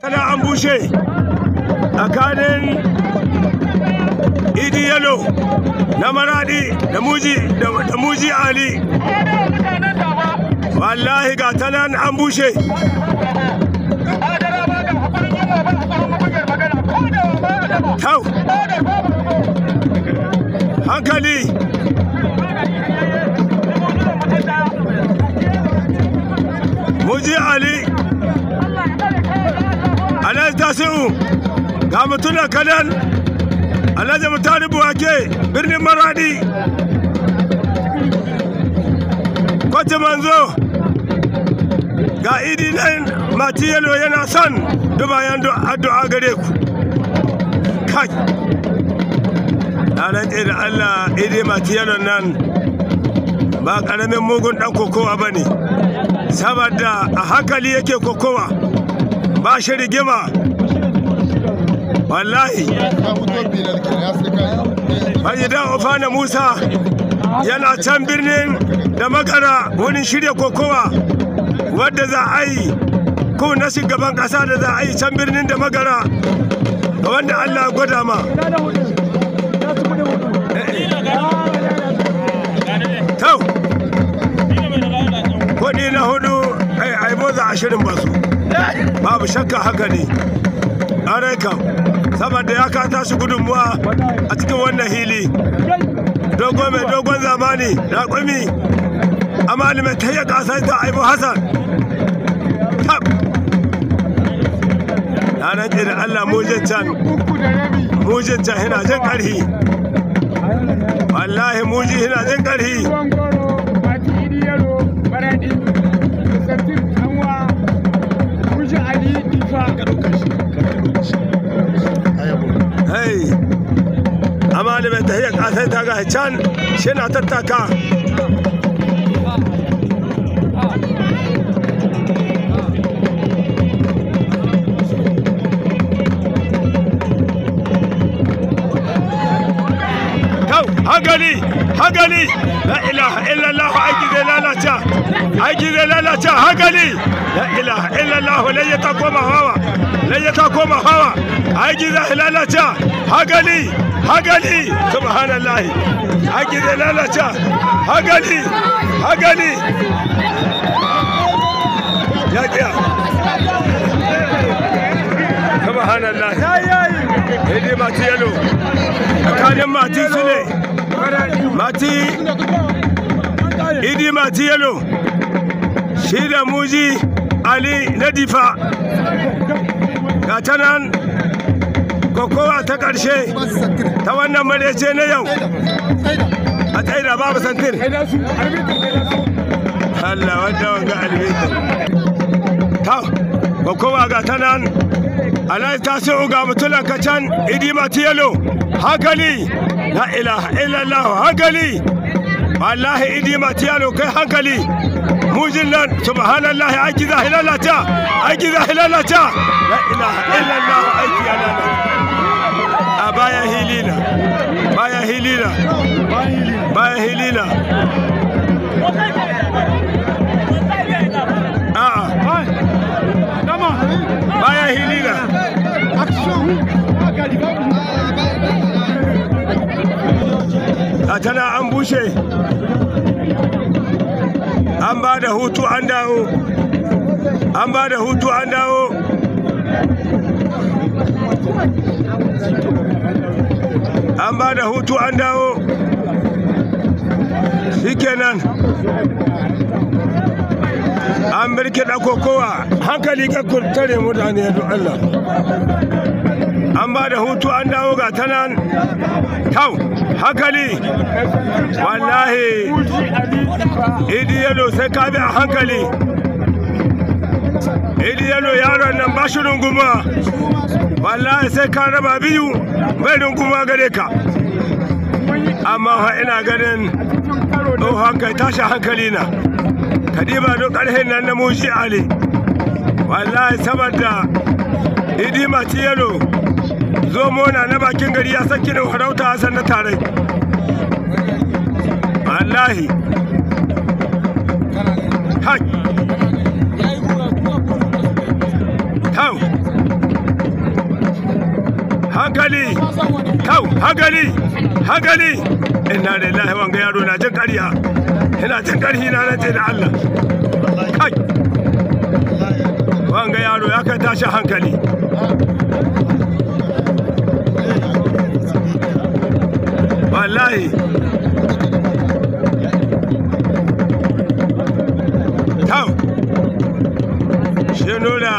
Tana an bushe tsakanin idi yalo na maradi da muji da muji ali wallahi ga tanan an bushe hankali Oji Ali Alhaji Tasi'u ga mutuna kanan Alhaji Mutari Buwake birnin Maradi Kwace Manzo ga Idi nan Matiyelo yana son dubayen addu'a gare ku kai na rantse da Allah Idi Matiyelo nan ba ƙaramin mugun ɗan kokowa ba ne saboda a hankali yake kokowa ba shi rigima wallahi bayidan ofana musa yana can birnin da makara wani shirya kokowa wadda za a yi ko na shugaban ƙasa da za a yi can birnin da magara wanda allah gwada ma shirin su babu shakka haka ne ɗarai kam saboda ya ka tashi gudunmuwa a cikin wannan hili dogon mai dogon zamani raƙumi amali mai tayyar ƙasar ta aibu hassan tab na rantse da allah mujin can mujin can hina jin ƙarhi wallahi muji hina jin ƙarhi tahiyar ƙasa ta ga can shi na tattaka hankali hankali la ilaha illallah aiki zai lalata aiki zai lalata hankali la ilaha illallah layya ta koma hawa layya ta koma hawa aiki zai lalata hankali hankali subhanallah aiki zai lalata hankali hankali ya kiya subhanallah hidima ta yalo tsakanin matin su ne mati idi mati yalo Shida muji ali na difa ga ta nan kokowa ta karshe, ta wannan na yau a tsaida babu santir Allah wadda wanga albitin ta kokowa ga ta nan alayi ta sai uga mutulanka can idi mati yalo hankali la ilaha illallah hankali wallahi idi matiyalo kai hankali mujin nan subhanallah aiki za hilalata aiki za hilalata la ilaha illallah aiki ya lalata a baya hilila baya hilila baya hilila gata an bushe an ba da hutu an dawo an ba da hutu an dawo an ba da hutu an dawo shi kenan an birkiɗa kokowa hankali kakkun tare mutane don allah an ba da hutu an dawo ga ta nan tau hankali wallahi idi yalo sai ka bi a hankali idi yalo yaron nan ba shi runguma wallahi sai ka raba biyu bai runguma gare ka amma ha ina ganin ɗau hankali tashi hankali na kadiba don ƙarfin nan na mushi ali wallahi saboda idi matiyalo zomo na na bakin gari ya san kinin farauta Hassan na tarai wallahi hai tau hankali tau hankali hankali inna lillahi wanga yaro na jin ƙarya ina jin ƙarfi na nace da Allah kai wanga yaro ya kai tashi hankali wallahi tau shi nuna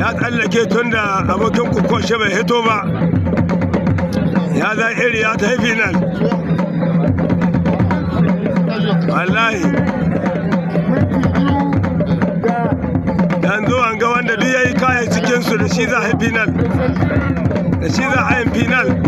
ya tsallake tun da abokin kukoshe bai hito ba ya za iri ya ta haifi nan wallahi yanzu an ga wanda duk ya yi kayan cikinsu da shi za a haifi nan da shi za a haifi nan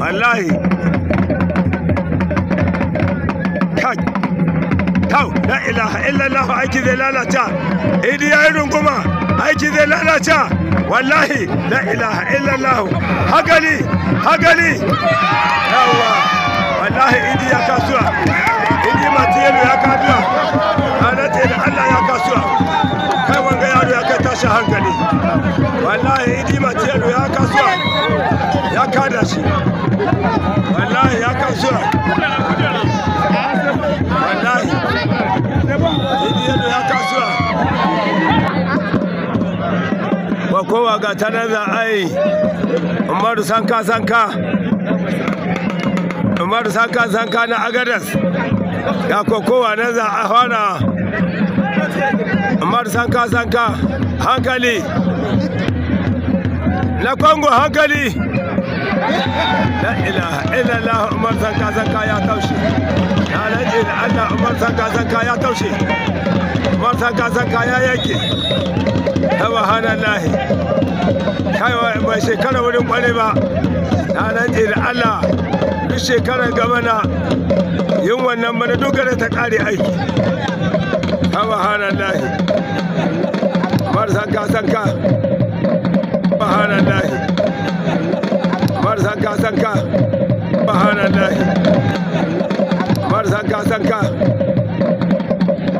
wallahi kai tau la ilaha illallah aiki zai lalata idi ya yi runguma aiki zai lalata wallahi la ilaha illallah hagali hagali yawa wallahi idi ya kasuwa idi matiyelu ya kasuwa ranar da allah ya kasuwa yadda ya ba kowa ga za a yi umaru sanka sanka umaru sanka sanka na agadas za a fara umaru sanka sanka hankali na kongo hankali la illallah umar zanka zanka ya taushe la illallah umar zanka zanka ya taushe umar zanka zanka ya yake subhanallahi kaiwa bai shekara wurin kware ba na rantse da shekarar gaba na yin wannan mana dogara ta kare aiki subhanallahi umar zanka zanka subhanallahi sanka sanka subhanallah sanka